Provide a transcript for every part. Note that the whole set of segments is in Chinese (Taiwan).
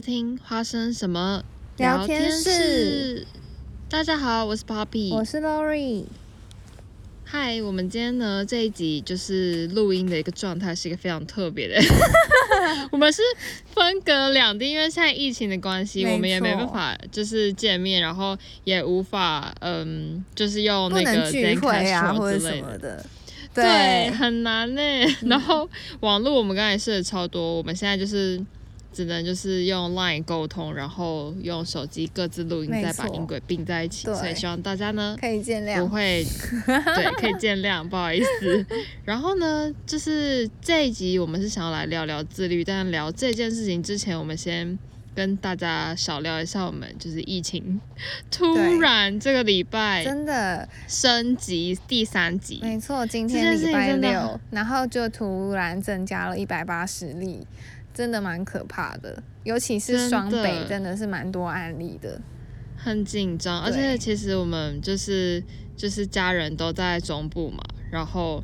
聽花生什麼聊天，聊天室？大家好，我是 Poppy，我是 Lori。嗨，我們今天呢這一集就是錄音的一個狀態是一個非常特別的。 我們是分隔兩地，因為現在疫情的關係，我們也沒辦法就是見面，然後也無法嗯，就是用那個聚會啊之類或者什麼的，對，對很難呢、欸嗯。然後網絡我們剛才試了超多，我們現在就是。只能就是用 Line 溝通，然後用手機各自錄音，再把音軌併在一起。所以希望大家呢可以見諒，不會對可以見諒， 不好意思。然後呢，就是這一集我們是想要來聊聊自律，但聊這件事情之前，我們先跟大家少聊一下，我們就是疫情突然這個禮拜真的升級第三級，沒錯，今天禮拜六，然後就突然增加了一百八十例。真的蠻可怕的，尤其是雙北，真的是蠻多案例的，的很緊張。而且其實我們就是就是家人都在中部嘛，然後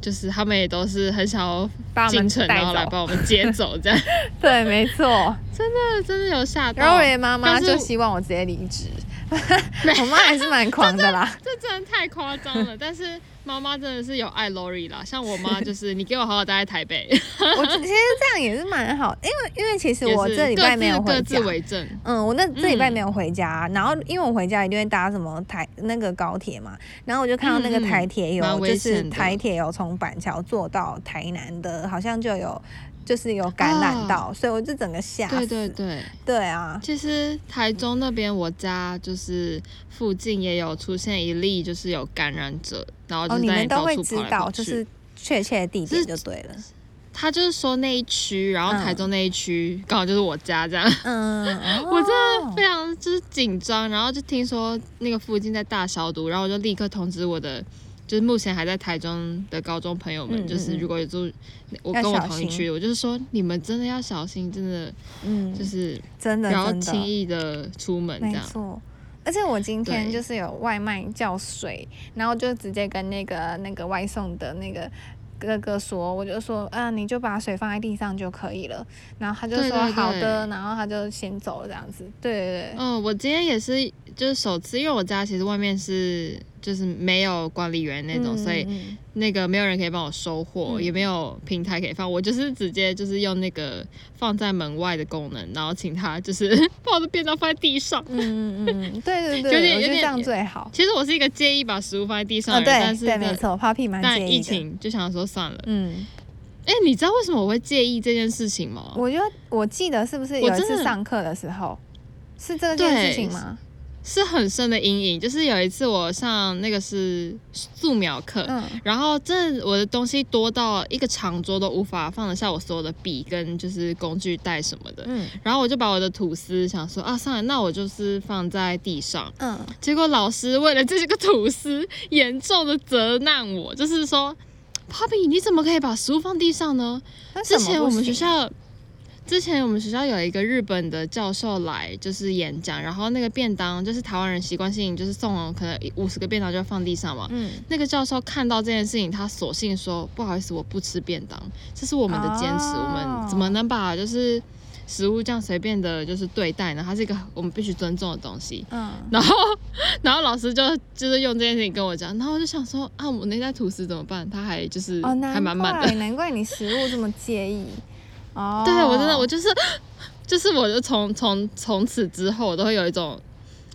就是他們也都是很想要進城，然後來把我們接走，這樣。 對，沒錯，真的真的有嚇到。然後我媽媽就希望我直接離職。 我媽還是蠻狂的啦，這真的太誇張了。但是媽媽真的是有愛 Lori 啦，像我媽就是，你給我好好待在台北。我其實這樣也是蠻好，因為因為其實我這禮拜沒有回家。嗯，我那這禮拜沒有回家，然後因為我回家一定會搭什麼台那個高鐵嘛，然後我就看到那個台鐵有，就是台鐵有從板橋坐到台南的，好像就有。就是有感染到，啊、所以我就整個嚇。對對對，對啊。其實台中那邊我家就是附近也有出現一例，就是有感染者，然後就是在你到處跑來跑去，哦、你們都會知道，就是確切地點就對了。他就是說那一區，然後台中那一區剛、嗯、好就是我家這樣。嗯。 我真的非常就是緊張，然後就聽說那個附近在大消毒，然後我就立刻通知我的。就是目前還在台中的高中朋友們，嗯、就是如果有住，我跟我同一區，我就是說，你們真的要小心，真的，嗯，就是真的不要輕易的出門，沒錯，這樣，而且我今天就是有外賣叫水，然後就直接跟那個那個外送的那個哥哥說，我就說嗯、呃，你就把水放在地上就可以了。然後他就說對對對，好的，然後他就先走了這樣子。對對對。嗯、呃，我今天也是就是首次，因為我家其實外面是。就是沒有管理員那種、嗯，所以那個沒有人可以幫我收貨、嗯，也沒有平台可以放，我就是直接就是用那個放在門外的功能，然後請他就是把我的便當放在地上。嗯嗯嗯，對對對， 有點我覺得這樣最好。其實我是一個介意把食物放在地上的人，人，哦，但是對，沒什麼 Papi 蠻介意的。但疫情就想說算了。嗯。哎，欸，你知道為什麼我會介意這件事情嗎？我覺得我記得是不是有一次上課的時候的，是這件事情嗎？是很深的陰影，就是有一次我上那個是素描課、嗯，然後這我的東西多到一個長桌都無法放得下我所有的筆跟，就是工具袋什麼的、嗯，然後我就把我的吐司想說啊，算了，那我就是放在地上，嗯，結果老師為了這個吐司，嚴重的責難我，就是說，Papi，你怎麼可以把食物放地上呢？之前我們學校。之前我們學校有一個日本的教授來，就是演講，然後那個便當就是台灣人習慣性就是送了，可能五十個便當就放地上嘛。嗯。那個教授看到這件事情，他索性說：“不好意思，我不吃便當，這是我們的堅持。哦、我們怎麼能把就是食物這樣隨便的就是對待呢？它是一個我們必須尊重的東西。”嗯。然後，然後老師就就是用這件事情跟我講，然後我就想說啊，我那袋吐司怎麼辦？他還就是哦，蠻滿的，難怪你食物這麼介意。Oh. 對，我真的，我就是，就是，我就從從從此之後，我都會有一種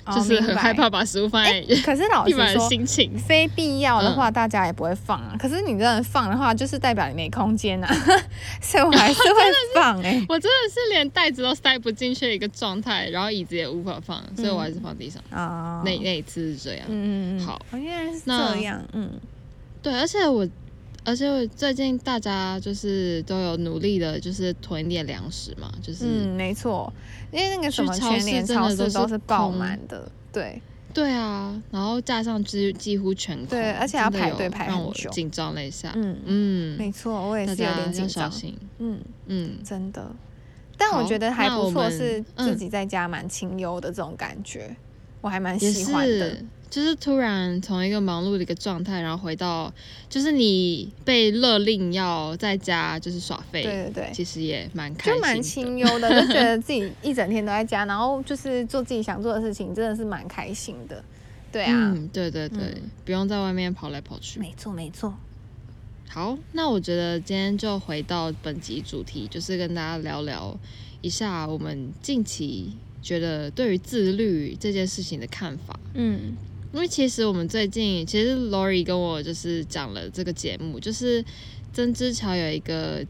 ，oh, 就是很害怕把食物放在、哦欸。可是老師說，心情非必要的話、嗯，大家也不會放啊。可是你這樣放的話，就是代表你沒空間啊，嗯、 所以我還是會放哎、欸。我真的是連袋子都塞不進去的一個狀態，然後椅子也無法放，所以我還是放地上啊。那那一次是這樣，嗯嗯嗯。好，我原來是這樣，嗯。對，而且我。而且我最近大家就是都有努力的，就是囤點糧食嘛。就是,是，嗯，沒錯，因為那個什麼，全聯超市都是爆滿的，對，對啊，然後架上之幾乎全空，對，而且還要排隊排很久，緊張了一下，嗯嗯，沒錯，我也是有點緊張，嗯嗯，真的，但我覺得還不錯，是自己在家蠻清幽的這種感覺。嗯我還蠻喜歡的，就是突然從一個忙碌的一個狀態，然後回到就是你被勒令要在家就是耍廢，對對對，其實也蠻開心的，就蠻清幽的，就覺得自己一整天都在家， 然後就是做自己想做的事情，真的是蠻開心的，對啊，嗯、對對對、嗯，不用在外面跑來跑去，沒錯沒錯。好，那我覺得今天就回到本集主題，就是跟大家聊聊一下我們近期，覺得對於自律這件事情的看法，嗯，因為其實我們最近其實 Laurie 跟我就是講了這個節目，就是曾之喬有一個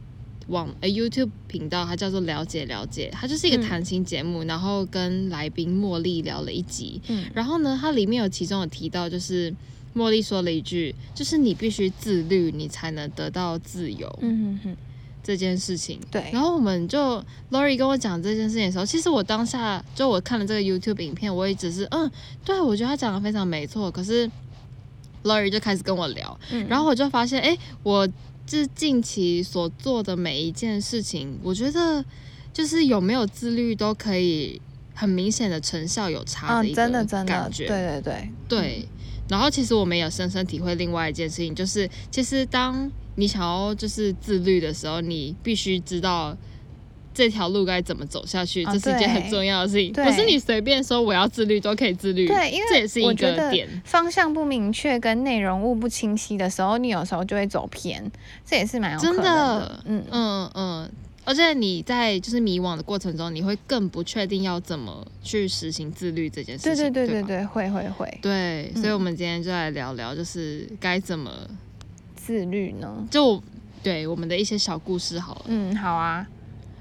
網呃 YouTube 頻道，它叫做聊姐了解，它就是一個談心節目，嗯，然後跟來賓莫莉聊了一集，嗯，然後呢，它裡面有其中有提到，就是莫莉說了一句，就是你必須自律，你才能得到自由，嗯哼哼。這件事情，對。然後我們就 Lori 跟我講這件事情的時候，其實我當下就我看了這個 YouTube 影片，我也只是嗯，對我覺得他講的非常沒錯。可是 Lori 就開始跟我聊、嗯，然後我就發現，哎，我這近期所做的每一件事情，我覺得就是有沒有自律，都可以很明顯的成效有差的。啊、嗯，真的真的，感覺對對對對、嗯。然後其實我們也深深體會另外一件事情，就是其實當。你想要就是自律的時候，你必須知道這條路該怎麼走下去，哦，這是一件很重要的事情。不是你隨便說我要自律都可以自律，對，因為這也是一個點。方向不明確跟內容物不清晰的時候，你有時候就會走偏，這也是蠻有可能的，真的。嗯嗯嗯，而且你在就是迷惘的過程中，你會更不確定要怎麼去實行自律這件事情。對對對對對，對，對，對，會會會。對、嗯，所以我們今天就來聊聊，就是該怎麼。自律呢？就對我們的一些小故事好了。嗯，好啊。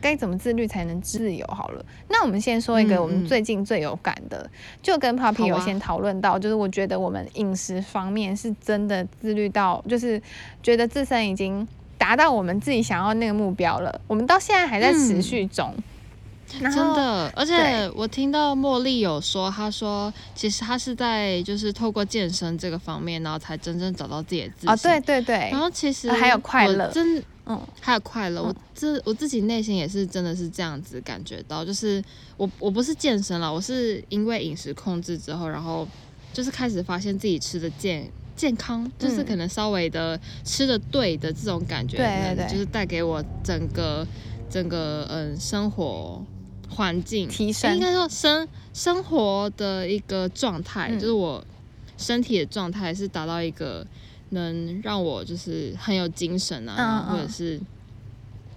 該怎麼自律才能自由？好了，那我們先說一個我們最近最有感的，嗯、就跟 Papi 有先討論到，就是我覺得我們飲食方面是真的自律到，就是覺得自身已經達到我們自己想要那個目標了。我們到現在還在持續中。嗯真的，而且我聽到莫莉有說，她說其實她是在就是透過健身這個方面，然後才真正找到自己的自信。啊、哦，對對對。然後其實還有快樂，真嗯，還有快樂。嗯、我自我自己內心也是真的是這樣子感覺到，就是我我不是健身了，我是因為飲食控制之後，然後就是開始發現自己吃的健健康，就是可能稍微的吃的對的這種感覺、嗯對對對，就是帶給我整個整個嗯、呃、生活。環境提升，應該說生生活的一個狀態、嗯，就是我身體的狀態是達到一個能讓我就是很有精神啊，哦哦或者是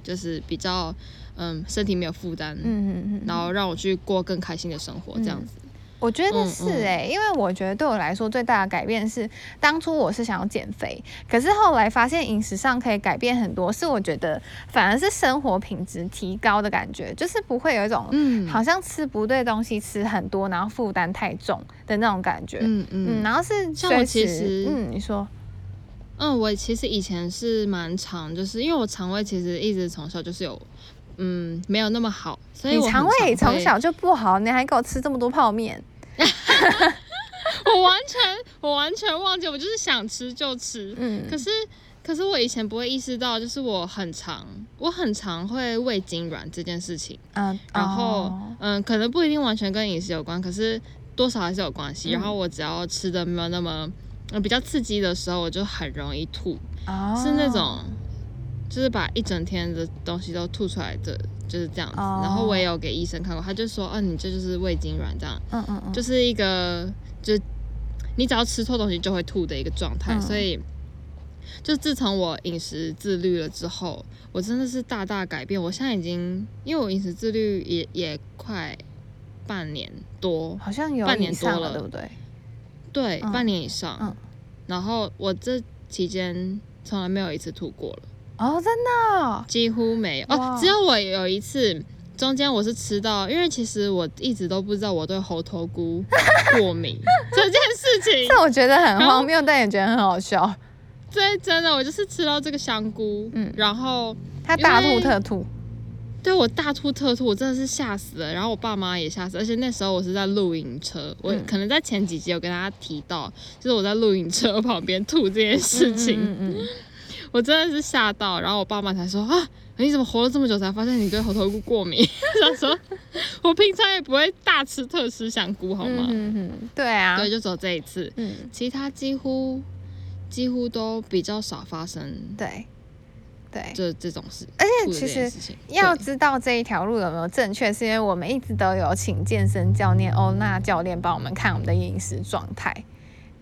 就是比較嗯身體沒有負擔，嗯哼哼哼然後讓我去過更開心的生活、嗯、這樣子。我覺得是誒、欸嗯嗯，因為我覺得對我來說最大的改變是，當初我是想要減肥，可是後來發現飲食上可以改變很多，是我覺得反而是生活品質提高的感覺，就是不會有一種好像吃不對東西吃很多，然後負擔太重的那種感覺，嗯嗯，嗯，然後是像我其實嗯，你說，嗯，我其實以前是蠻常，就是因為我腸胃其實一直從小就是有。嗯，沒有那麼好。所以你腸胃從小就不好，你還給我吃這麼多泡麵？ 我完全，我完全忘記，我就是想吃就吃。嗯、可是，可是我以前不會意識到，就是我很常，我很常會胃痙攣這件事情。嗯、然後、哦，嗯，可能不一定完全跟飲食有關，可是多少還是有關係。嗯、然後我只要吃的沒有那麼，嗯，比較刺激的時候，我就很容易吐。哦、是那種。就是把一整天的東西都吐出來的，就是這樣子。Oh. 然後我也有給醫生看過，他就說：“嗯、啊，你這就是胃痙攣，這樣，嗯嗯嗯，就是一個就是、你只要吃錯東西就會吐的一個狀態。嗯”所以，就自從我飲食自律了之後，我真的是大大改變。我現在已經因為我飲食自律也也快半年多，好像有半年多了，了對不對？對，嗯、半年以上、嗯。然後我這期間從來沒有一次吐過了。哦、oh,，真的，幾乎沒有哦，oh, wow. 只有我有一次，中間我是吃到，因為其實我一直都不知道我對猴頭菇過敏這件事情。 我這，這我覺得很荒謬，但也覺得很好笑。所以真的，我就是吃到這個香菇，嗯、然後他大吐特吐，對，我大吐特吐，我真的是嚇死了，然後我爸媽也嚇死了，而且那時候我是在露營車，我可能在前幾集有跟大家提到，嗯、就是我在露營車旁邊吐這件事情。嗯嗯嗯我真的是嚇到，然後我爸媽才說啊，你怎麼活了這麼久才發現你對猴頭菇過敏？他 說我平常也不會大吃特吃香菇，好嗎？嗯嗯，對啊，所以就走這一次，嗯、其他幾乎幾乎都比較少發生，對對，就這種事情。而且其實要知道這一條路有沒有正確，是因為我們一直都有請健身教練歐娜、哦、教練幫我們看我們的飲食狀態。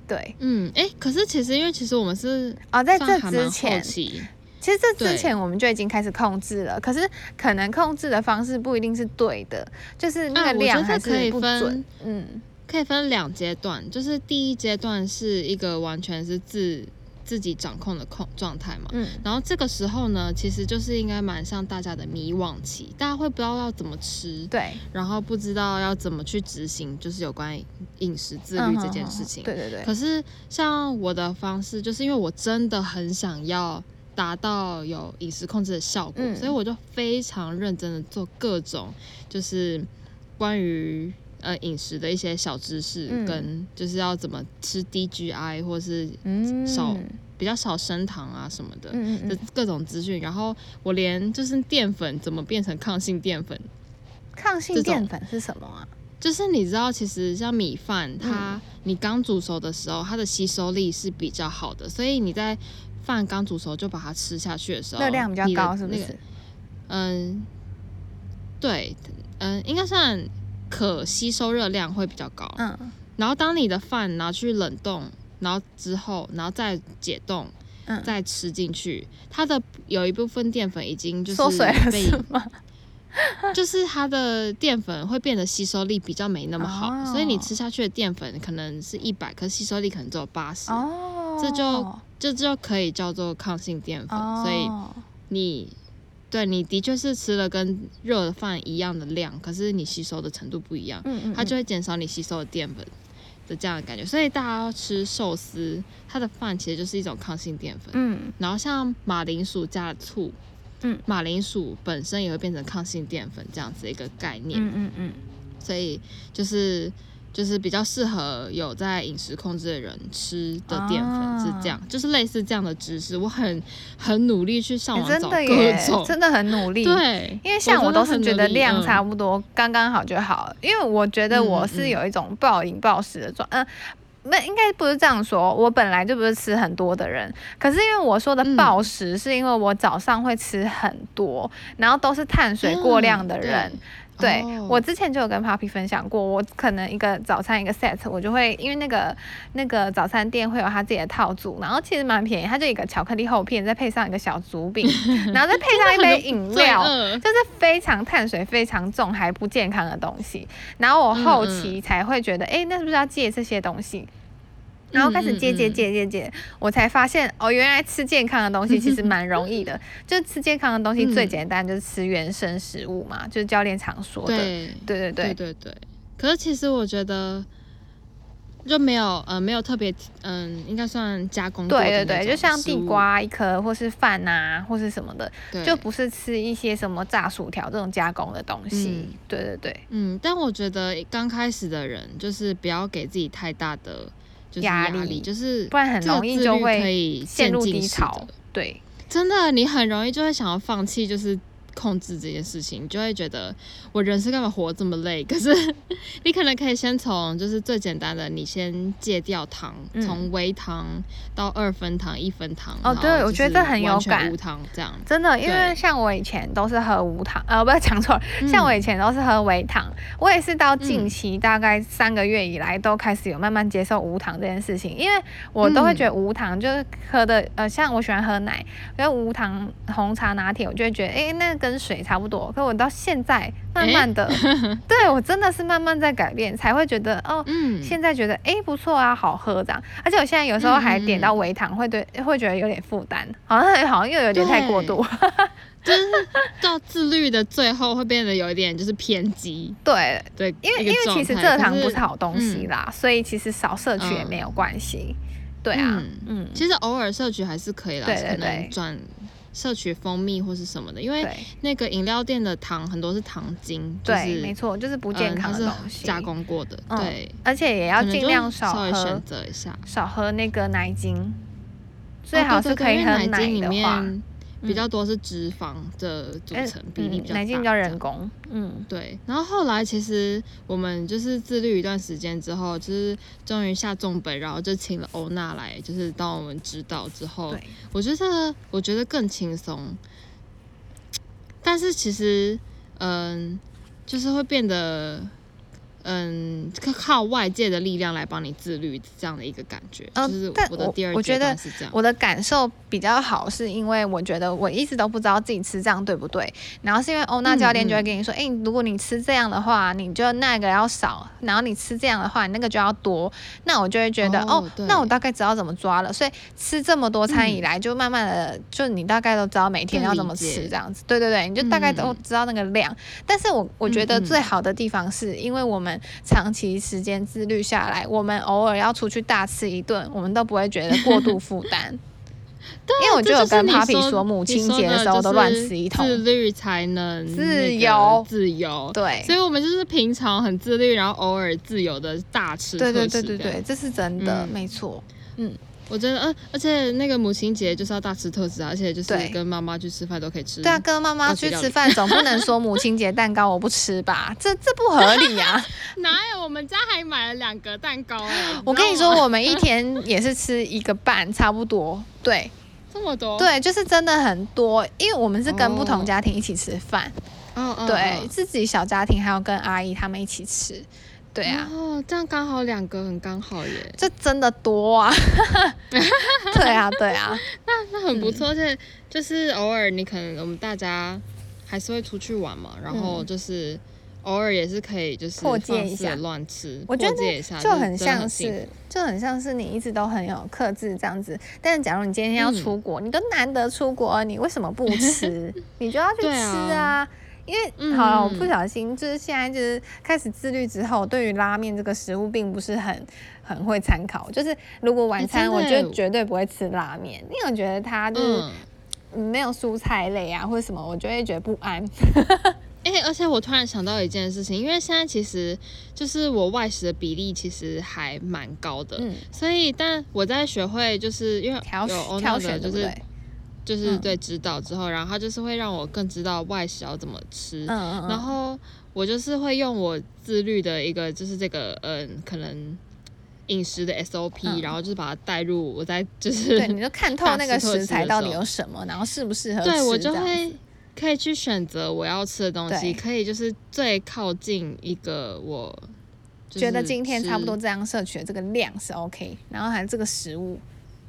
對，嗯，哎，可是其實因為其實我們是哦，在這之前，其實這之前我們就已經開始控制了，可是可能控制的方式不一定是對的，就是那個量還是不準，啊，我覺得可以分，嗯，可以分兩階段，就是第一階段是一個完全是自。自己掌控的控狀態嘛，嗯，然後這個時候呢，其實就是應該蠻像大家的迷惘期，大家會不知道要怎麼吃，對，然後不知道要怎麼去執行，就是有關飲食自律這件事情，嗯，好好，對對對。可是像我的方式，就是因為我真的很想要達到有飲食控制的效果，嗯，所以我就非常認真的做各種，就是關於。呃，飲食的一些小知識、嗯，跟就是要怎麼吃低 GI，或是少、嗯、比較少升糖啊什麼的，嗯嗯、就各種資訊。然後我連就是澱粉怎麼變成抗性澱粉，抗性澱粉是什麼啊？就是你知道，其實像米飯，它、嗯、你剛煮熟的時候，它的吸收力是比較好的，所以你在飯剛煮熟就把它吃下去的時候，熱、那個、量比較高，是不是、那個？嗯，對，嗯，應該算。可吸收熱量會比較高、嗯，然後當你的飯拿去冷凍，然後之後，然後再解凍，嗯、再吃進去，它的有一部分澱粉已經就是被縮水了是嗎？就是它的澱粉會變得吸收力比較沒那麼好，哦、所以你吃下去的澱粉可能是一百克，吸收力可能只有八十、哦，這就這就可以叫做抗性澱粉，哦、所以你。對，你的確是吃了跟熱的飯一樣的量，可是你吸收的程度不一樣，嗯嗯嗯，它就會減少你吸收的澱粉的這樣的感覺。所以大家要吃壽司，它的飯其實就是一種抗性澱粉，嗯，然後像馬鈴薯加醋，嗯，馬鈴薯本身也會變成抗性澱粉這樣子一個概念，嗯嗯，嗯，所以就是。就是比較適合有在飲食控制的人吃的澱粉是這樣，oh. 就是類似這樣的知識。我很很努力去上網找各種、欸，真的很努力。對，因為像我都是覺得量差不多，剛剛好就好、嗯。因為我覺得我是有一種暴飲暴食的狀，嗯，那、嗯嗯、應該不是這樣說。我本來就不是吃很多的人，可是因為我說的暴食，是因為我早上會吃很多、嗯，然後都是碳水過量的人。嗯對、oh. 我之前就有跟 Papi 分享過，我可能一個早餐，一個 set，我就會因為那個那個早餐店會有他自己的套組，然後其實蠻便宜，它就一個巧克力厚片，再配上一個小竹餅， 然後再配上一杯飲料，就是非常碳水非常重還不健康的東西，然後我後期才會覺得，哎，那是不是要戒這些東西？然後開始戒戒戒戒戒，我才發現哦，原來吃健康的東西其實蠻容易的。 就吃健康的東西最簡單，就是吃原生食物嘛、嗯，就是教練常說的。對對對對對，對對對。可是其實我覺得就沒有，呃，沒有特別，嗯、呃，應該算加工。對對對，就像地瓜、啊、一顆，或是飯吶、啊，或是什麼的，就不是吃一些什麼炸薯條這種加工的東西、嗯。對對對。嗯，但我覺得剛開始的人就是不要給自己太大的。壓力就是力，不然很容易就會、是、陷入低潮。對，真的，你很容易就會想要放棄，就是。控制這件事情，你就會覺得我人生幹嘛活這麼累？可是你可能可以先從就是最簡單的，你先戒掉糖，從、嗯、微糖到二分糖、一分糖。哦，對，我覺得這很有感，無糖這樣真的，因為像我以前都是喝無糖，呃，不要講錯了，像我以前都是喝微糖、嗯，我也是到近期大概三個月以來都開始有慢慢接受無糖這件事情，因為我都會覺得無糖就是喝的、嗯，呃，像我喜歡喝奶，那無糖紅茶拿鐵，我就會覺得，哎，那個。跟水差不多，可是我到現在慢慢的，欸、 對我真的是慢慢在改變，才會覺得哦、嗯，現在覺得哎、欸、不錯啊，好喝這樣。而且我現在有時候還點到微糖，會對、嗯、會覺得有點負擔，好像好像又有點太過度， 就是到自律的最後會變得有一點就是偏激。對對，因為因為其實蔗糖不是好東西啦，嗯、所以其實少攝取也沒有關係、嗯。對啊，嗯，其實偶爾攝取還是可以啦，對對對，可能賺攝取蜂蜜或是什麼的，因為那個飲料店的糖很多是糖精，對，就是、沒錯，就是不健康的東西、呃、它是加工過的、嗯，對，而且也要儘量少喝，可能就稍微選擇一下，少喝那個奶精，最好是可以喝奶的話。哦對對比較多是脂肪的組成比例比較大，奶精比較人工，嗯，對。然後後來其實我們就是自律一段時間之後，就是終於下重本，然後就請了歐娜來，就是當我們指導之後，我覺得這個我覺得更輕鬆，但是其實嗯、呃，就是會變得。嗯，靠外界的力量來幫你自律，這樣的一個感覺，哦、就是我的第二我，我覺得我的感受比較好，是因為我覺得我一直都不知道自己吃這樣對不對，然後是因為歐娜教練就會跟你說，哎、嗯嗯欸，如果你吃這樣的話，你就那個要少；然後你吃這樣的話，你那個就要多。那我就會覺得，哦，哦那我大概知道怎麼抓了。所以吃這麼多餐以來，就慢慢的、嗯，就你大概都知道每天要怎麼吃，這樣子。對對對，你就大概都知道那個量。嗯、但是我我覺得最好的地方是因為我們。長期時間自律下來，我們偶爾要出去大吃一頓，我們都不會覺得過度負擔。 啊、因為我就，有跟，就跟 Papi 說，母親節的時候都亂吃一通，就是、自律才能自由，自由對。所以，我們就是平常很自律，然後偶爾自由的大吃、特吃，對對對對對，這是真的，嗯、沒錯，嗯。我覺得，嗯，而且那個母親節就是要大吃特吃啊，而且就是跟媽媽去吃飯都可以吃。對啊，跟媽媽去吃飯，總不能說母親節蛋糕我不吃吧？ 這這不合理啊！ 哪有？我們家還買了兩個蛋糕。我跟你說，我們一天也是吃一個半，差不多。對，這麼多？對，就是真的很多，因為我們是跟不同家庭一起吃飯。Oh. 對、oh. 自己小家庭，還有跟阿姨他們一起吃。對啊，oh, 這樣剛好兩個，很剛好耶。這真的多啊！ 對啊，對啊， 那那很不錯。嗯、就是偶爾你可能我們大家還是會出去玩嘛，嗯、然後就是偶爾也是可以就是亂破戒一下，亂吃，我覺得，就很像是就很，就很像是你一直都很有克制這樣子。但是假如你今天要出國，嗯、你都難得出國，你為什麼不吃？ 你就要去吃啊！因為、嗯、好了，我不小心就是現在就是開始自律之後，對於拉麵這個食物並不是很很會參考。就是如果晚餐，我就絕對不會吃拉麵、欸。因為我覺得它就是沒有蔬菜類啊、嗯，或者什麼，我就會覺得不安。因為、 欸、而且我突然想到一件事情，因為現在其實就是我外食的比例其實還蠻高的、嗯，所以但我在學會就是因為挑選，就是挑。就是對指導之後，嗯、然後他就是會讓我更知道外食要怎麼吃，嗯嗯、然後我就是會用我自律的一個，就是這個嗯、呃，可能飲食的 SOP，嗯、然後就是把它帶入我在，就是，對，你就看透那個食材到底有什麼，然後適不適合，對，我就會可以去選擇我要吃的東西，可以就是最靠近一個我覺得今天差不多這樣攝取的這個量是 OK，然後還有這個食物。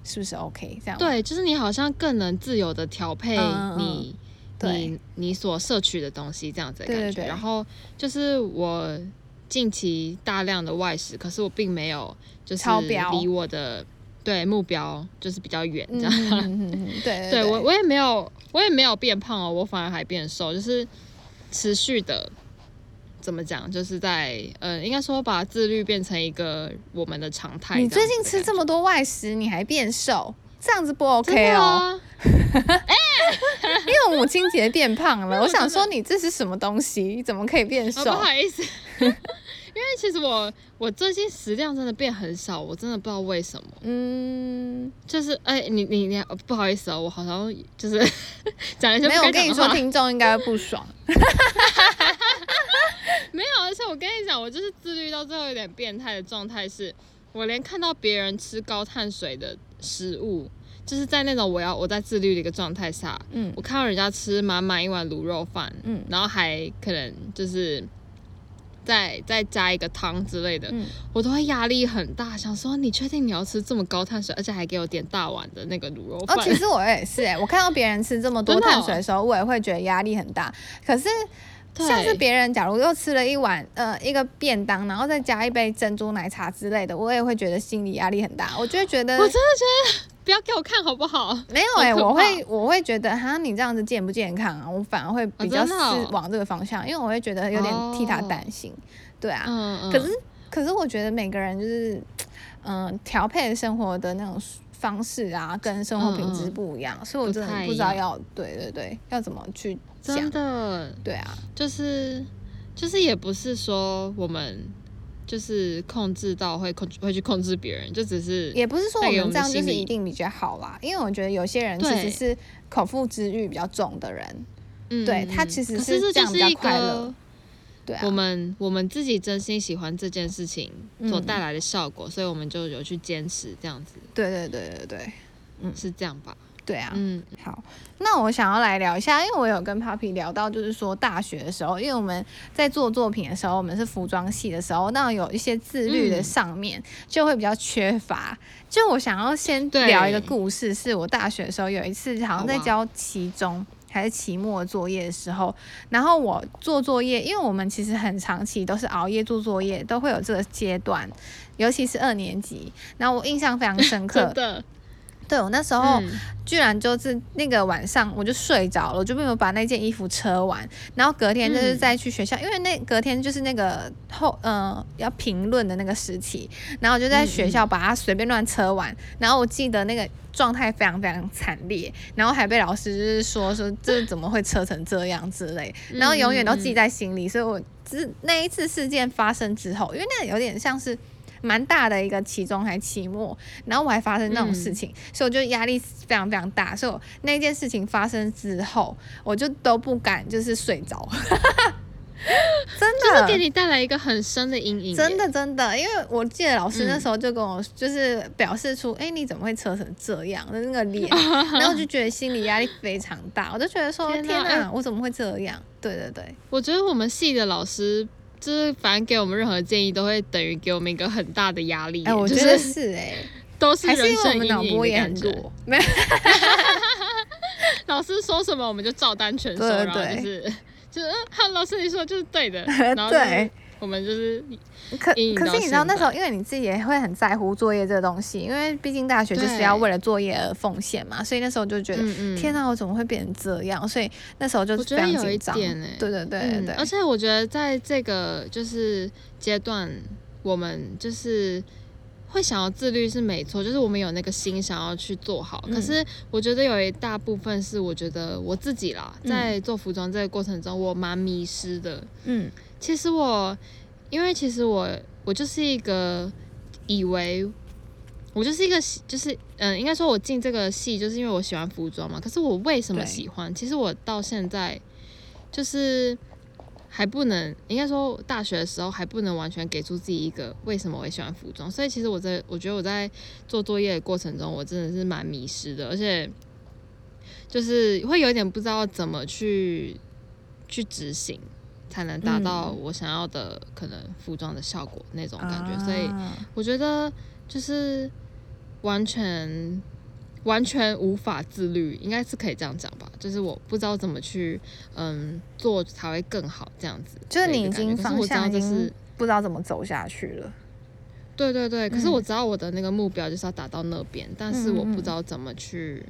是不是 OK 這樣？對，就是你好像更能自由的調配你，嗯、你你，你所攝取的東西這樣子的感覺。對對對。然後就是我近期大量的外食，可是我並沒有就是離我的對目標就是比較遠。這樣、嗯。對對，對，對，我我也沒有，我也沒有變胖哦、喔，我反而還變瘦，就是持續的。怎麼講？就是在，呃、嗯，應該說把自律變成一個我們的常態。你最近吃這麼多外食，你還變瘦，這樣子不 OK 哦？啊 欸、 因為我母親節變胖了， 我想說，你這是什麼東西？你怎麼可以變瘦？哦、不好意思。 因為其實我我最近食量真的變很少，我真的不知道為什麼。嗯，就是哎、欸，你你你，不好意思哦，我好像就是講一些。沒有，我跟你說，聽眾應該不爽。 沒有，而且我跟你講，我就是自律到最後有點變態的狀態是，是我連看到別人吃高碳水的食物，就是在那種我要我在自律的一個狀態下，嗯，我看到人家吃滿滿一碗滷肉飯，嗯，然後還可能就是。再再加一個湯之類的、嗯，我都會壓力很大，想說，你確定你要吃這麼高碳水，而且還給我點大碗的那個滷肉飯？哦，其實我也是， 哎，我看到別人吃這麼多碳水的時候，哦、我也會覺得壓力很大。可是。像是別人，假如又吃了一碗呃一個便當，然後再加一杯珍珠奶茶之類的，我也會覺得心理壓力很大。我就會覺得我真的覺得不要給我看好不好？沒有哎、欸，我會我會覺得哈，你這樣子健不健康、啊？我反而會比較是、oh, 往這個方向，因為我會覺得有點替他擔心，對啊。嗯，嗯。可是可是，我覺得每個人就是嗯呃、調配生活的那種。方式啊，跟生活品質不一樣，嗯，所以我真的不知道要對對對，要怎麼去講的。對啊，就是就是也不是說我們就是控制到會控會去控制別人，就只是也不是說我們這樣就是一定比較好啦。因為我覺得有些人其實是口腹之慾比較重的人，對，對他其實是這樣比較快樂。嗯啊、我們我們自己真心喜歡這件事情所帶來的效果，嗯，所以我們就有去堅持這樣子。對對對對對，嗯，是這樣吧？對啊，嗯，好，那我想要來聊一下，因為我有跟 Papi 聊到，就是說大學的時候，因為我們在做作品的時候，我們是服裝系的時候，那有一些自律的上面就會比較缺乏。嗯，就我想要先聊一個故事，是我大學的時候有一次，好像在教期中。還是期末作業的時候，然後我做作業，因為我們其實很長期都是熬夜做作業，都會有這個階段，尤其是二年級，然後我印象非常深刻。 對，我那時候居然就是那個晚上我就睡着了，嗯，我就沒有把那件衣服車完。然後隔天就是再去學校，嗯、因為那隔天就是那個後嗯、呃、要評論的那個時期。然後我就在學校把它隨便亂車完、嗯。然後我記得那個狀態非常非常慘烈，然後還被老師就是說說這怎麼會車成這樣之類。然後永遠都記在心裡。嗯、所以我，我這那一次事件發生之後，因為那有點像是。蠻大的一個期中還期末，然後我還發生那種事情，嗯、所以我就壓力非常非常大。所以我那件事情發生之後，我就都不敢就是睡着， 真的就是給你帶來一個很深的陰影。真的真的，因為我記得老師那時候就跟我就是表示出，哎、嗯欸，你怎麼會扯成這樣的那個臉？然後就覺得心理壓力非常大，我就覺得說天，天啊，我怎麼會這樣？對對對，我覺得我們系的老師。是，反正給我們任何建議，都會等於給我們一個很大的壓力。哎、欸，我覺得是、欸就是、都是人生陰影的感覺還是因為我們腦波沒有， 老師說什麼我們就照單全收，對對對，然後就是就是，哈、啊，老師你說的就是對的，對，然後，然後對。我們就是可可是，你知道那時候，因為你自己也會很在乎作業這個東西，因為畢竟大學就是要為了作業而奉獻嘛，所以那時候就覺得，嗯嗯天哪、啊，我怎麼會變成這樣？所以那時候就非常覺得有一點、欸，對對對、嗯、對。而且我覺得在這個就是階段，我們就是會想要自律是沒錯，就是我們有那個心想要去做好、嗯。可是我覺得有一大部分是我覺得我自己啦，嗯、在做服裝這個過程中，我蠻迷失的，嗯。其實我，因為其實我我就是一個以為我就是一個就是嗯，應該說我進這個系就是因為我喜歡服裝嘛。可是我為什麼喜歡？其實我到現在就是還不能，應該說大學的時候還不能完全給出自己一個為什麼我也喜歡服裝。所以其實我在我覺得我在做作業的過程中，我真的是蠻迷失的，而且就是會有點不知道怎麼去去執行。才能達到我想要的可能服裝的效果那種感覺，嗯，啊、所以我覺得就是完全完全無法自律，應該是可以這樣講吧？就是我不知道怎麼去嗯，做才會更好，這樣子就是你已經靜放下，就是不知道怎麼走下去了。對對對，可是我知道我的那個目標就是要達到那邊，但是我不知道怎麼去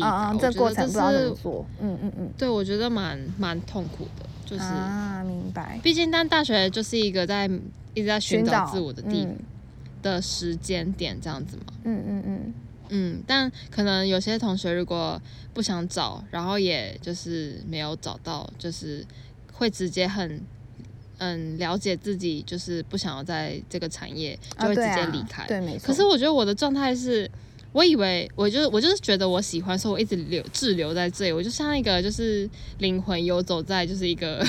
啊啊，這過程不做。嗯嗯嗯，對我覺得蠻蠻痛苦的。就是、啊、明白、畢竟在大學就是一個在一直在尋找自我的地，嗯、的時間點這樣子嘛。嗯嗯嗯嗯，但可能有些同學如果不想找，然後也就是沒有找到，就是會直接很嗯了解自己，就是不想要在這個產業，就會直接離開。啊、對啊、對、沒錯，可是我覺得我的狀態是。我以為，我就我就是覺得我喜歡，所以我一直留滯留在這裡，我就像一個就是靈魂遊走在就是一個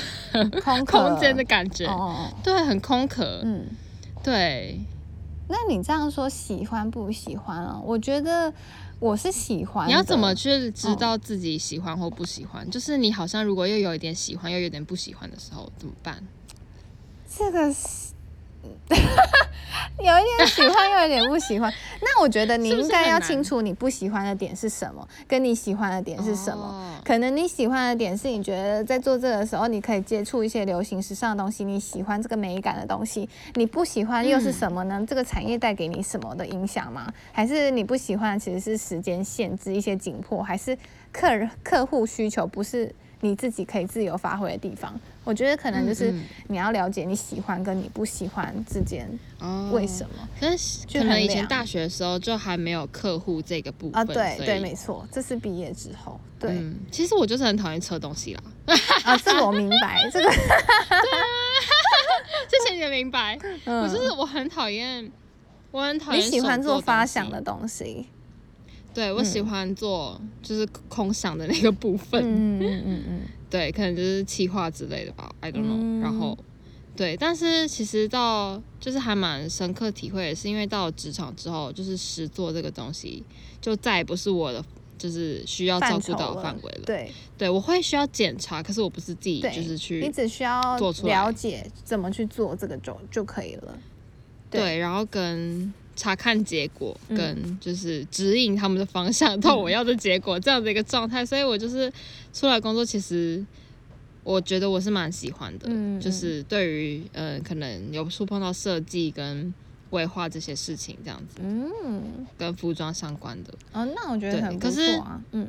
空 空間的感覺，哦，對，很空殼。嗯，對。那你這樣說喜歡不喜歡啊，哦？我覺得我是喜歡。你要怎麼去知道自己喜歡或不喜歡？哦，就是你好像如果又有一點喜歡，又有點不喜歡的時候，怎麼辦？這個是 有一點喜歡，又有點不喜歡。 那我覺得你應該要清楚你不喜歡的點是什麼，跟你喜歡的點是什麼。可能你喜歡的點是，你覺得在做這個的時候，你可以接觸一些流行時尚的東西，你喜歡這個美感的東西。你不喜歡又是什麼呢？這個產業帶給你什麼的影響嗎？還是你不喜歡其實是時間限制，一些緊迫，還是客客戶需求不是？你自己可以自由發揮的地方，我覺得可能就是你要了解你喜歡跟你不喜歡之間為什麼。可、哦、可能以前大學的時候就還沒有客戶這個部分、啊、對對，沒錯，這是畢業之後。對、嗯，其實我就是很討厭車東西啦、啊。這個我明白，這個對啊，之 前 你也明白，我就是我很討厭、嗯，我很討厭你喜歡做發想的東西。對，我喜歡做就是空想的那個部分。嗯嗯嗯 對，可能就是企劃之類的吧，I don't know，嗯。然後，對，但是其實到就是還蠻深刻體會，是因為到了職場之後，就是實做這個東西就再也不是我的就是需要照顧的範圍了。了對對，我會需要檢查，可是我不是自己就是去，你只需要做出了解怎麼去做這個種就可以了。對，對然後跟。查看結果跟就是指引他們的方向到我要的結果這樣的一個狀態，所以我就是出來工作，其實我覺得我是蠻喜歡的，嗯，就是對於嗯、呃、可能有觸碰到設計跟規劃這些事情這樣子，嗯，跟服裝相關的，嗯，哦，那我覺得很不錯，嗯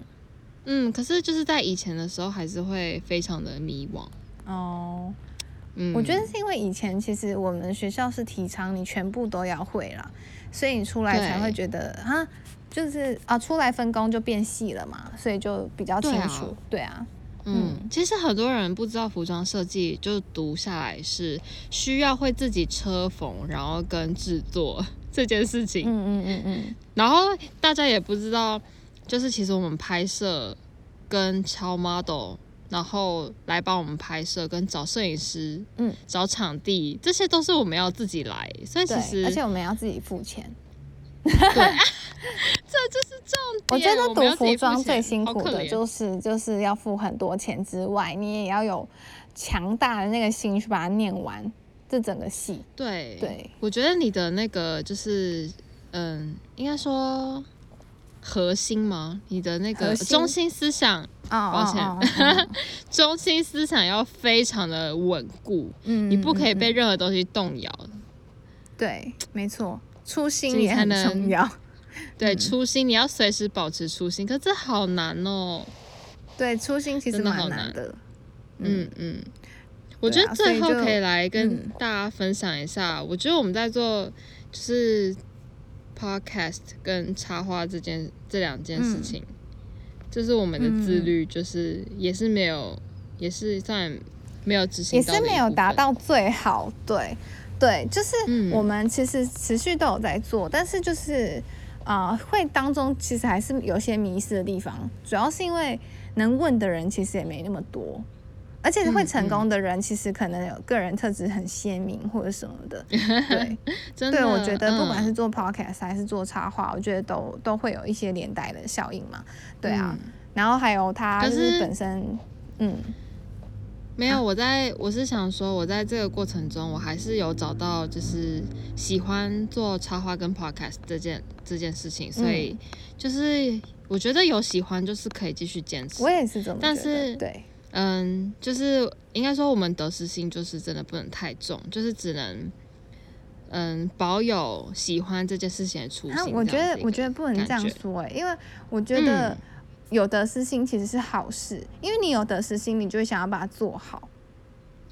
嗯，可是就是在以前的時候還是會非常的迷惘哦，嗯。嗯、我覺得是因為以前其實我們學校是提倡你全部都要會啦，所以你出來才會覺得啊，就是啊，出來分工就變細了嘛，所以就比較清楚，對啊，對啊嗯，嗯，其實很多人不知道服裝設計就讀下來是需要會自己車縫，然後跟製作這件事情，嗯嗯嗯嗯，然後大家也不知道，就是其實我們拍攝跟超 model。然後來幫我們拍攝，跟找攝影師，嗯，找場地，這些都是我們要自己來，所以其實而且我們要自己付錢， 對、啊，這就是重點。我覺得讀服裝最辛苦的就是就是要付很多錢之外，你也要有強大的那個心去把它念完這整個系。對對，我覺得你的那個就是嗯，應該說。核心嗎？你的那個心，中心思想，哦，哦哦哦 中心思想要非常的穩固，嗯，你不可以被任何東西動搖，嗯、對，沒錯，初心也很重要。對，嗯，初心你要隨時保持初心，可是這好難哦，喔。對，初心其實蠻難的。真的好難，嗯嗯，嗯、啊，我覺得最後以可以來跟大家分享一下，嗯、我覺得我們在做就是。Podcast 跟插畫這件這兩件事情，嗯，就是我們的自律，就是也是沒有，嗯、也是算沒有執行的，也是沒有達到最好。對，對，就是我們其實持續都有在做，嗯、但是就是啊、呃，會當中其實還是有些迷失的地方，主要是因為能問的人其實也沒那麼多。而且會成功的人嗯，嗯，其實可能有個人特質很鮮明或者什麼的。 對，真的，對，我覺得不管是做 podcast，嗯、還是做插畫，我覺得都都會有一些連帶的效應嘛。對啊，嗯、然後還有他就是本身是，嗯，沒有，我在我是想說，我在這個過程中，我還是有找到就是喜歡做插畫跟 podcast 這件這件事情，所以就是我覺得有喜歡就是可以繼續堅持，嗯。我也是這麼覺得，但是對。嗯，就是應該說我們得失心就是真的不能太重，就是只能嗯保有喜歡這件事情的初心、啊。我覺得我覺得不能這樣說哎、欸，因為我覺得有得失心其實是好事，嗯、因為你有得失心，你就會想要把它做好。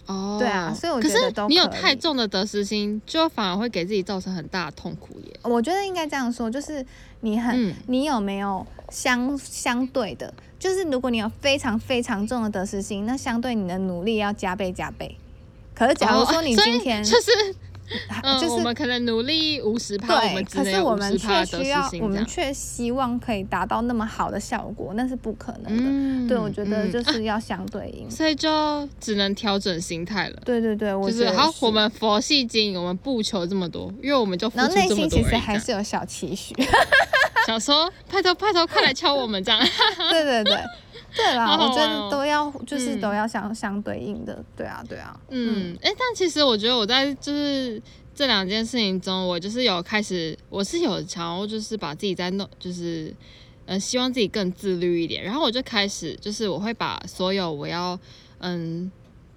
哦，對啊，所以我覺得你有太重的得失心，就反而會給自己造成很大的痛苦耶。我覺得應該這樣說，就是你很、嗯、你有沒有相相對的。就是如果你有非常非常重的得失心，那相對你的努力要加倍加倍。可是假如說你今天、哦、就是，啊、就是、嗯、我們可能努力五十趴，我們只能五十趴得失心這樣。對，可是我們卻需要，我們卻希望可以達到那麼好的效果，那是不可能的。嗯、對，我覺得就是要相對應，啊、所以就只能調整心態了。對對對，就是好，我們佛系經營，我們不求這麼多，因為我們就那內心其實還是有小期許。 小說，派頭派頭， 快來敲我們這樣， 對對對，對啦，好好喔，我覺得都要就是都要相、嗯、相對應的，對啊對啊，嗯，哎、嗯欸，但其實我覺得我在就是這兩件事情中，我就是有開始，我是有想要就是把自己在弄，就是嗯希望自己更自律一點，然後我就開始就是我會把所有我要嗯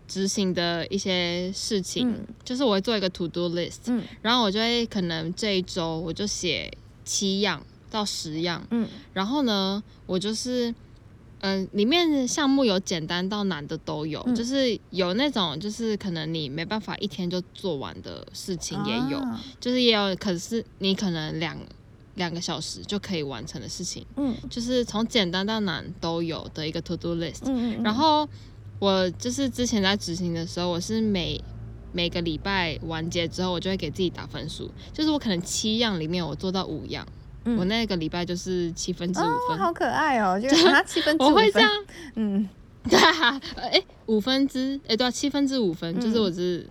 執行的一些事情、嗯，就是我會做一個 to do list，、嗯、然後我就會可能這一週我就寫七樣。到十樣，嗯，然後呢，我就是，嗯、呃，裡面項目有簡單到難的都有，嗯，就是有那種就是可能你沒辦法一天就做完的事情也有，啊，就是也有，可是你可能兩兩個小時就可以完成的事情，嗯，就是從簡單到難都有的一個 to do list。嗯，嗯，然後我就是之前在執行的時候，我是每每個禮拜完結之後，我就會給自己打分數，就是我可能七樣裡面我做到五樣。我那個禮拜就是七分之五分。哦，好可愛哦。喔！就七分，分就，我會這樣，嗯，對、 欸，五分之，欸、對、啊，七分之五分，嗯、就是我、就，是，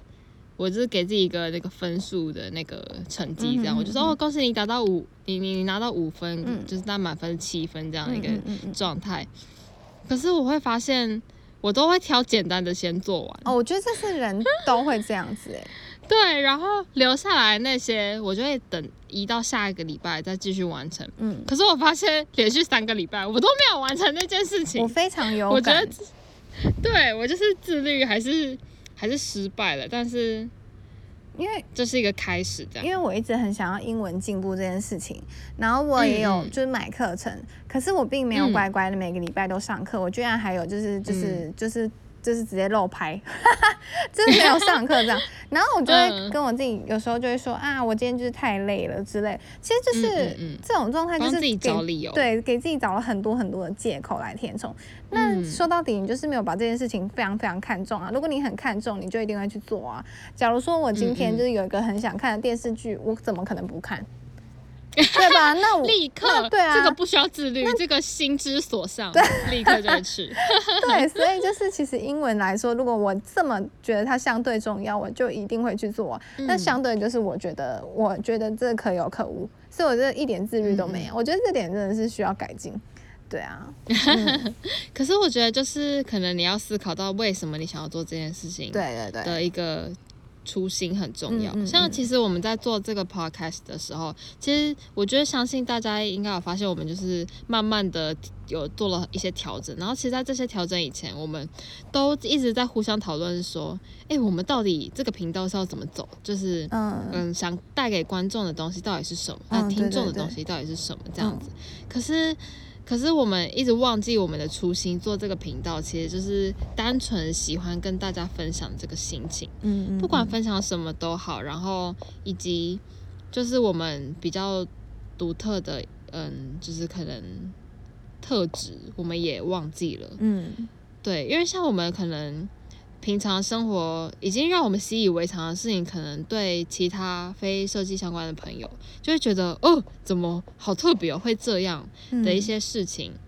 我，是給自己一個那個分數的那個成績，這樣嗯嗯嗯，我就說，哦，恭喜你達到五，你，你拿到五分，嗯、就是那滿分七分，這樣一個狀態、嗯嗯嗯嗯。可是我會發現，我都會挑簡單的先做完。哦，我覺得這是人都會這樣子、欸， 對，然後留下來那些，我就會等移到下一個禮拜再繼續完成。嗯，可是我發現連續三個禮拜我都沒有完成那件事情。我非常有，我覺得，對我就是自律還是還是失敗了。但是因為這、就是一個開始這樣，因為我一直很想要英文進步這件事情，然後我也有就是買課程，嗯、可是我並沒有乖乖的每個禮拜都上課，嗯、我居然還有就是就是就是。嗯就是就是直接漏拍，哈哈，就是沒有上課這樣。然後我就會跟我自己，有時候就會說啊，我今天就是太累了之類。其實就是這種狀態，就是自己找理由，對，給自己找了很多很多的借口來填充。那說到底，你就是沒有把這件事情非常非常看重啊。如果你很看重，你就一定會去做啊。假如說我今天就是有一個很想看的電視劇，我怎麼可能不看？對吧？那我立刻，對啊，這個不需要自律。這個心之所向，立刻就去。對，所以就是其實英文來說，如果我這麼覺得它相對重要，我就一定會去做。嗯、那相對就是我覺得，我覺得這可有可無，所以我覺得一點自律都沒有、嗯。我覺得這點真的是需要改進。對啊、嗯，可是我覺得就是可能你要思考到為什麼你想要做這件事情。對對對，的一個。初心很重要，嗯嗯嗯，像其實我們在做這個 podcast 的時候，其實我覺得相信大家應該有發現，我們就是慢慢的有做了一些調整。然後，其實在這些調整以前，我們都一直在互相討論說：“哎，欸，我們到底這個頻道是要怎麼走？就是，uh, 嗯，想帶給觀眾的東西到底是什麼？Uh, 呃，對對對對聽眾的東西到底是什麼？這樣子。Uh. ”可是。可是我們一直忘記我們的初心，做這個頻道其實就是單純喜歡跟大家分享這個心情，嗯，嗯，嗯，不管分享什麼都好，然後以及就是我們比較獨特的，嗯，就是可能特質，我們也忘記了，嗯，對，因為像我們可能。平常生活已經讓我們習以為常的事情，可能對其他非設計相關的朋友就會覺得哦，怎麼好特別哦，會這樣的一些事情。嗯，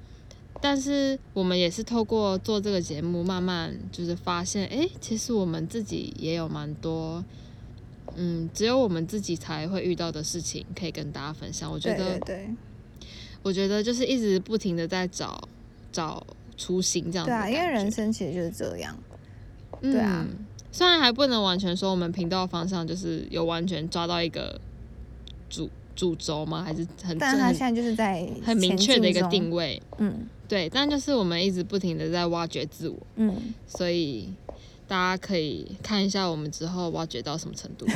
但是我們也是透過做這個節目，慢慢就是發現，哎，其實我們自己也有蠻多，嗯，只有我們自己才會遇到的事情，可以跟大家分享。我覺得，對，對，對，我覺得就是一直不停的在找找初心這樣。對啊，因為人生其實就是這樣。嗯、對啊，雖然還不能完全說我們頻道方向就是有完全抓到一個主主軸嗎？還是很，但他現在就是在很明確的一個定位。嗯，對，但就是我們一直不停的在挖掘自我。嗯，所以大家可以看一下我們之後挖掘到什麼程度。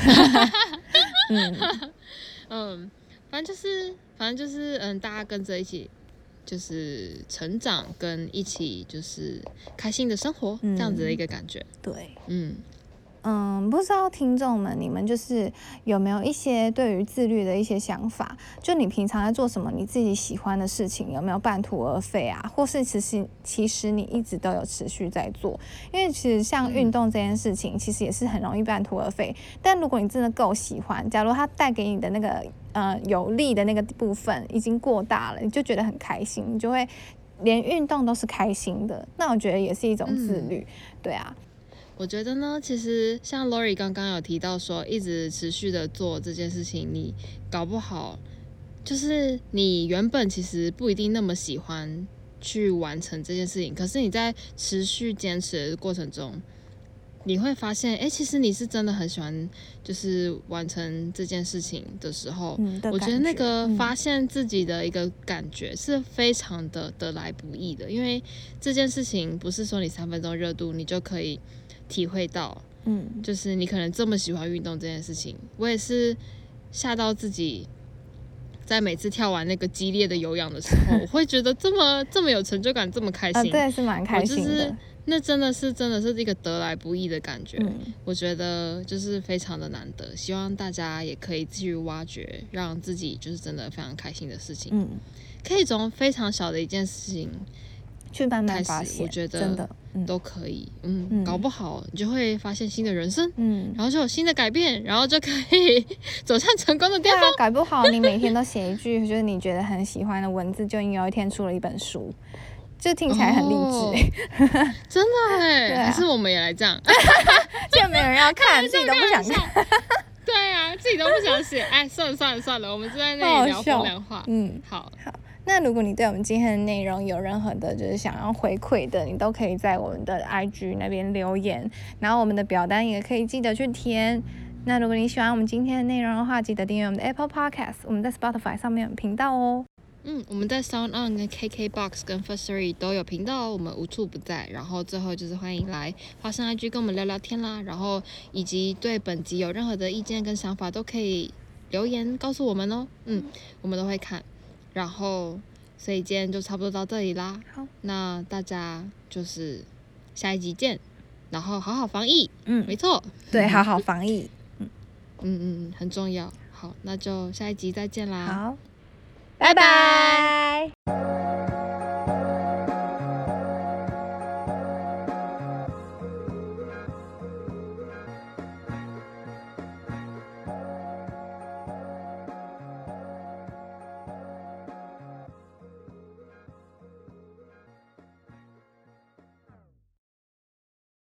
嗯， 嗯，反正就是，反正就是，嗯，大家跟着一起。就是成長跟一起，就是開心的生活，這樣子的一個感覺。對，嗯。嗯，不知道聽眾們，你們就是有沒有一些對於自律的一些想法？就你平常在做什麼，你自己喜歡的事情有沒有半途而廢啊？或是其實其實你一直都有持續在做？因為其實像運動這件事情，其實也是很容易半途而廢。嗯。但如果你真的夠喜歡，假如它帶給你的那個呃有利的那個部分已經過大了，你就覺得很開心，你就會連運動都是開心的。那我覺得也是一種自律，嗯、對啊。我覺得呢，其實像 Lori 剛剛有提到說，一直持續的做這件事情，你搞不好就是你原本其實不一定那麼喜歡去完成這件事情，可是你在持續堅持的過程中，你會發現，哎、欸，其實你是真的很喜歡，就是完成這件事情的時候的，我覺得那個發現自己的一個感覺是非常的得來不易的，嗯、因為這件事情不是說你三分鐘熱度你就可以。體會到，嗯，就是你可能這麼喜歡運動這件事情，嗯、我也是嚇到自己，在每次跳完那個激烈的有氧的時候，我會覺得這麼 這麼有成就感，這麼開心，啊、對，是蠻開心的。就是，那真的是真的是一個得來不易的感覺，嗯，我覺得就是非常的難得。希望大家也可以繼續挖掘，讓自己就是真的非常開心的事情。嗯，可以從非常小的一件事情開始去慢慢發現，我覺得，真的嗯，都可以嗯。嗯，搞不好你就會發現新的人生，嗯，然後就有新的改變，然後就可以走上成功的巔峰。改不好，你每天都寫一句， 就是你覺得很喜歡的文字，就你有一天出了一本書，就聽起來很勵志。哦、 真的耶，可、啊、是我們也來這樣，啊、 就沒有人要看，自 己都不想看。 對啊，自己都不想寫。 哎，算了算了算了，我們就在那裡聊風涼話。 嗯，好好。那如果你對我們今天的內容有任何的，就是想要回饋的，你都可以在我們的 I G 那邊留言，然後我們的表單也可以記得去填。那如果你喜歡我們今天的內容的話，記得訂閱我們的 Apple Podcast，我們在 Spotify 上面有頻道哦。嗯，我們在 Sound On、跟 KK Box、跟 Firstory 都有頻道，我們無處不在。然後最後就是歡迎來花生 I G 跟我們聊聊天啦，然後以及對本集有任何的意見跟想法，都可以留言告訴我們哦。嗯，我們都會看。然後，所以今天就差不多到這裡啦。好，那大家就是下一集見，然後好好防疫。嗯，沒錯，對，好好防疫。嗯嗯嗯，很重要。好，那就下一集再見啦。好，Bye bye，拜拜。